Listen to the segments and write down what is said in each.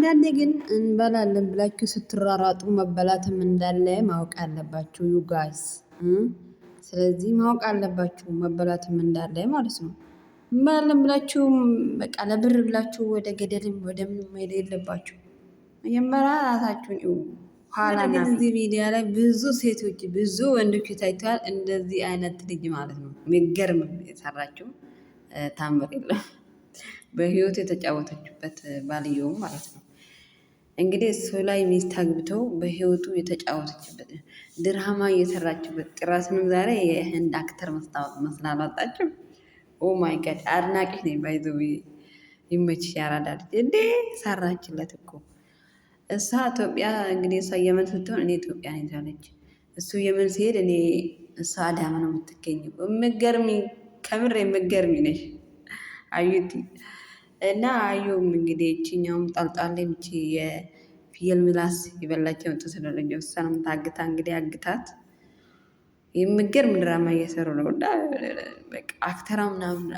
አንዳንዴ ግን እንበላለን ብላችሁ ስትራራጡ መበላትም እንዳለ ማወቅ አለባችሁ ዩጋዝ ስለዚህ ማወቅ አለባችሁ መበላትም እንዳለ ማለት ነው። እንበላለን ብላችሁ በቃ ለብር ብላችሁ ወደ ገደልም ወደ ምንም መሄድ የለባችሁ። መጀመሪያ ራሳችሁን ኋላ እዚህ ሚዲያ ላይ ብዙ ሴቶች ብዙ ወንዶች ታይተዋል። እንደዚህ አይነት ልጅ ማለት ነው የሚገርም የሰራችው ታምር የለም። በህይወት የተጫወተችበት ባልየውም ማለት ነው። እንግዲህ እሱ ላይ ሚስት አግብቶ በህይወቱ የተጫወተችበት ድራማ እየሰራችበት ጭራሽንም ዛሬ የህንድ አክተር መስታወት መስላል አልወጣችም። ኦ ማይ ጋድ አድናቂ ነኝ። ባይዘ ይመች ያራዳ ልጅ እንዴ ሰራችለት እኮ እሷ ኢትዮጵያ እንግዲህ እሷ የመን ስትሆን እኔ ኢትዮጵያ ነኝ ትላለች። እሱ የመን ሲሄድ እኔ እሷ አዳማ ነው የምትገኘው። የምትገርሚ ከምር የምገርሚ ነሽ አዩቲ እና አዩም እንግዲህ እችኛውም ጣልጣል ምቺ የፍየል ምላስ የበላቸው እንጡ ስለለኝ እሷንም ታግታ እንግዲህ አግታት የሚገርም ድራማ እየሰሩ ነው እና አክተራ ምናምን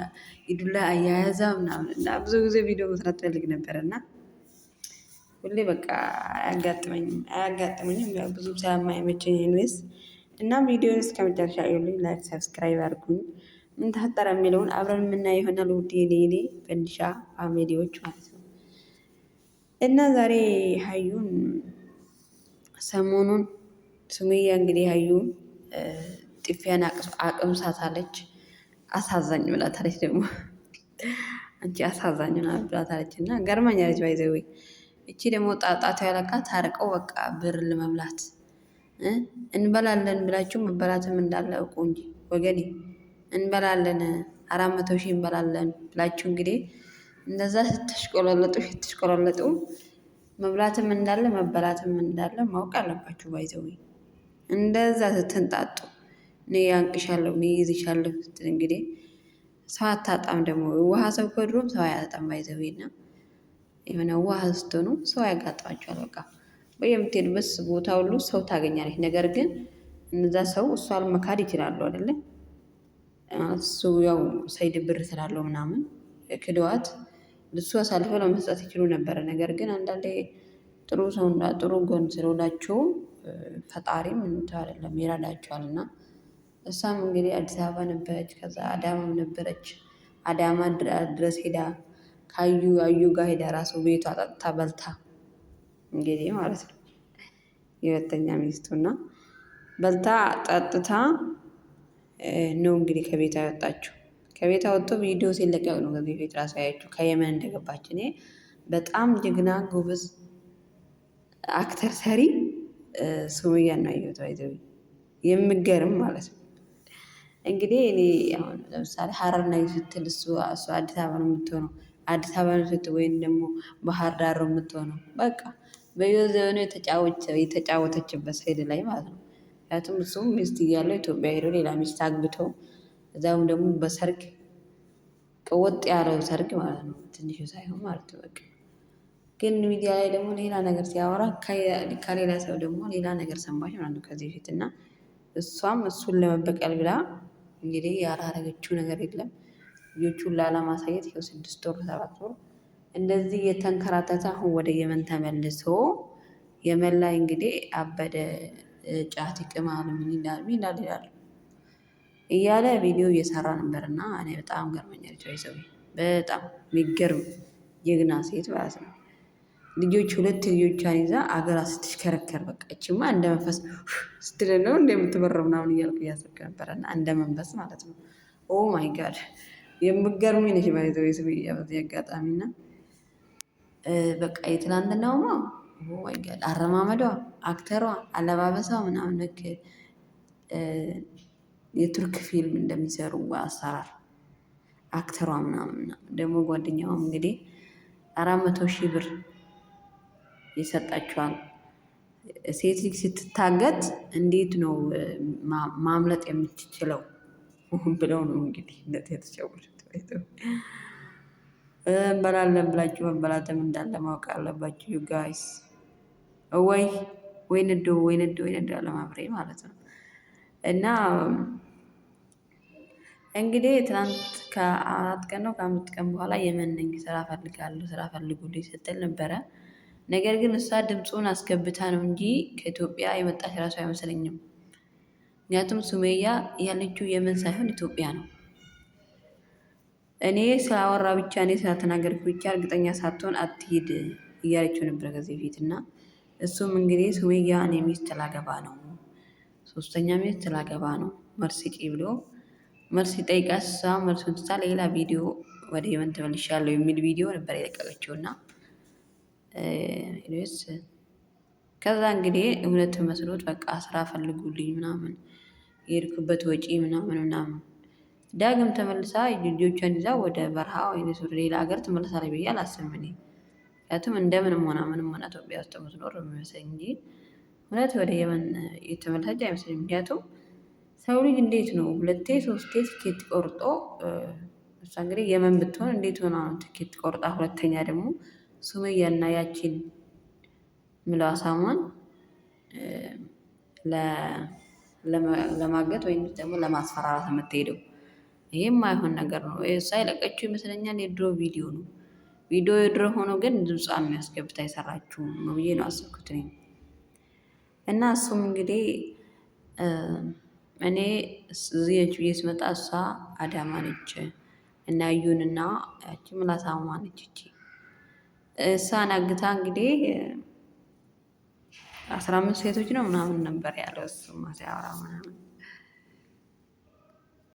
የዱላ አያያዛ ምናምን እና ብዙ ጊዜ ቪዲዮ መስራት ፈልግ ነበር እና ሁሌ በቃ አያጋጥመኝም አያጋጥመኝም ብዙም ሳያማ የመቸኝ ኒስ እና ቪዲዮን እስከ መጨረሻ ዩልኝ ላይክ ሰብስክራይብ አድርጉኝ። ምን ተፈጠረ የሚለውን አብረን የምናየው ይሆናል። ውድ የኔ ፈንዲሻ ፋሚሊዎች ማለት ነው እና ዛሬ ሀዩን ሰሞኑን ሱመያ እንግዲህ ሀዩን ጥፊያን ሳታለች አሳዛኝ ብላታለች ደግሞ አንቺ አሳዛኝ ናት ብላታለች። እና ገርማኛ ገርማኛለች ባይዘዌ እቺ ደግሞ ጣጣቱ ያለቃ ታርቀው በቃ ብር ለመብላት እንበላለን ብላችሁ መበላትም እንዳለ እቁ እንጂ ወገኔ እንበላለን አራት መቶ ሺህ እንበላለን ብላችሁ እንግዲህ እንደዛ ስትሽቆለለጡ ስትሽቆለለጡ መብላትም እንዳለ መበላትም እንዳለ ማወቅ አለባችሁ። ባይዘዊ እንደዛ ስትንጣጡ እኔ ያንቅሻለሁ እኔ ይዝሻለሁ ስትል እንግዲህ ሰው አታጣም። ደግሞ ውሃ ሰው ከድሮም ሰው አያጣም። ባይዘዊ ና የሆነ ውሃ ስትሆኑ ሰው ያጋጥማችኋል። በቃ ወይ የምትሄድበት ቦታ ሁሉ ሰው ታገኛለች። ነገር ግን እነዛ ሰው እሷን መካድ ይችላሉ አይደለም እሱ ያው ሰኢድ ብር ስላለው ምናምን ክድዋት እሱ አሳልፈው ለመስጠት ይችሉ ነበረ። ነገር ግን አንዳንዴ ጥሩ ሰውና ጥሩ ጎን ስለሆናቸው ፈጣሪም እንትን አይደለም ይረዳችኋል። እና እሷም እንግዲህ አዲስ አበባ ነበረች፣ ከዛ አዳማም ነበረች። አዳማ ድረስ ሄዳ ካዩ አዩ ጋር ሄዳ ራሱ ቤቷ ጠጥታ በልታ እንግዲህ ማለት ነው የሁለተኛ እና በልታ ጠጥታ ነው እንግዲህ ከቤት ያወጣችሁ። ከቤት አወጥቶ ቪዲዮ ሲለቀቅ ነው ከዚህ በፊት ራሱ ያያችሁ ከየመን እንደገባች። እኔ በጣም ጀግና ጎበዝ አክተር ሰሪ ሱመያን ነው ያየሁት። የምገርም ማለት ነው። እንግዲህ እኔ አሁን ለምሳሌ ሀረር ነው ስትል እሱ እሱ አዲስ አበባ ነው የምትሆነው፣ አዲስ አበባ ነው ስትል ወይም ደግሞ ባህር ዳር ነው የምትሆነው። በቃ ዘመኑ የተጫወተችበት ሳይድ ላይ ማለት ነው ምክንያቱም እሱም ሚስት እያለው ኢትዮጵያ ሄዶ ሌላ ሚስት አግብቶ እዛም ደግሞ በሰርግ ቀወጥ ያለው ሰርግ ማለት ነው፣ ትንሹ ሳይሆን ማለት ነው። ግን ሚዲያ ላይ ደግሞ ሌላ ነገር ሲያወራ ከሌላ ሰው ደግሞ ሌላ ነገር ሰማች ማለት ነው ከዚህ በፊት እና እሷም እሱን ለመበቀል ብላ እንግዲህ ያላረገችው ነገር የለም። ልጆቹን ላለማሳየት ይኸው ስድስት ወር ሰባት ወር እንደዚህ የተንከራተተ አሁን ወደ የመን ተመልሶ የመን ላይ እንግዲህ አበደ። ጫት ይቅማል ምን ይላል ምን ይላል ይላሉ እያለ ቪዲዮ እየሰራ ነበር። እና እኔ በጣም ገርመኛል። ይዘው በጣም የሚገርም ጀግና ሴት ማለት ነው። ልጆች ሁለት ልጆቿን ይዛ አገራ ስትሽከረከር በቃ እችማ እንደ መንፈስ ስትል ነው እንደምትበረው ምናምን እያልኩ እያሰብክ ነበረ። እና እንደ መንፈስ ማለት ነው። ኦ ማይ ጋድ የምገርሚ ነሽ ባይዘ አጋጣሚ እና በቃ የትናንትናውማ ወይ አረማመዷ፣ አክተሯ፣ አለባበሷ ምናምን ልክ የቱርክ ፊልም እንደሚሰሩ አሰራር አክተሯ ምናምን ደግሞ ጓደኛዋም እንግዲህ አራት መቶ ሺህ ብር ይሰጣቸዋል። ሴት ልጅ ስትታገት እንዴት ነው ማምለጥ የምትችለው ብለው ነው እንግዲህ እንደት የተጫወቱት። እንበላለን ብላችሁ መበላተም እንዳለ ማወቅ አለባችሁ ጋይስ። ወይ ወይ ነዶ ወይ ነዶ ወይ ነዶ አለማምሬ ማለት ነው። እና እንግዲህ ትናንት ከአራት ቀን ነው ከአምስት ቀን በኋላ የመን ነኝ ስራ ፈልጋለሁ ስራ ፈልጉልኝ ስትል ነበረ። ነገር ግን እሷ ድምፁን አስገብታ ነው እንጂ ከኢትዮጵያ የመጣች ራሱ አይመስለኝም። ምክንያቱም ሱሜያ ያለችው የመን ሳይሆን ኢትዮጵያ ነው። እኔ ስላወራ ብቻ እኔ ስላተናገርኩ ብቻ እርግጠኛ ሳትሆን አትሂድ እያለችው ነበረ ከዚህ በፊት እና እሱም እንግዲህ ሱመያ እኔ ሚስት ላገባ ነው፣ ሶስተኛ ሚስት ላገባ ነው መርሲ ቂ ብሎ መርሲ ጠይቃ እሷ መልሱን ትታ ሌላ ቪዲዮ ወደ የመን ተመልሻለሁ የሚል ቪዲዮ ነበር የለቀቀችው እና ስ ከዛ እንግዲህ እውነት መስሎት በቃ ስራ ፈልጉልኝ ምናምን የሄድኩበት ወጪ ምናምን ምናምን ዳግም ተመልሳ ልጆቿን ይዛ ወደ በረሃ ወይ ሌላ ሀገር ትመልሳለች ብዬ አላስብም እኔ። ምክንያቱም እንደምንም ሆና ምንም ሆና ኢትዮጵያ ውስጥ የምትኖር የሚመስለኝ እንጂ እውነት ወደ የመን የተመለሰች አይመስለኝ። ምክንያቱም ሰው ልጅ እንዴት ነው ሁለቴ ሶስቴ ትኬት ቆርጦ እሷ እንግዲህ የመን ብትሆን እንዴት ሆና ነው ትኬት ቆርጣ? ሁለተኛ ደግሞ ሱመያና ያቺን ምለዋ ሳሟን ለማገት ወይም ደግሞ ለማስፈራራት የምትሄደው ይህም አይሆን ነገር ነው። እሷ የለቀችው ይመስለኛል የድሮ ቪዲዮ ነው። ቪዲዮ የድሮ ሆኖ ግን ድምፃ የሚያስገብታ የሰራችሁ ነው ብዬ ነው አሰብኩት እና እሱም እንግዲህ እኔ እዚህ ነች ብዬ ስመጣ እሷ አዳማ ነች እና እዩንና ያቺ ምላሳማ ነች እቺ እሷን አግታ እንግዲህ አስራ አምስት ሴቶች ነው ምናምን ነበር ያለው እሱ ማሲያወራ ምናምን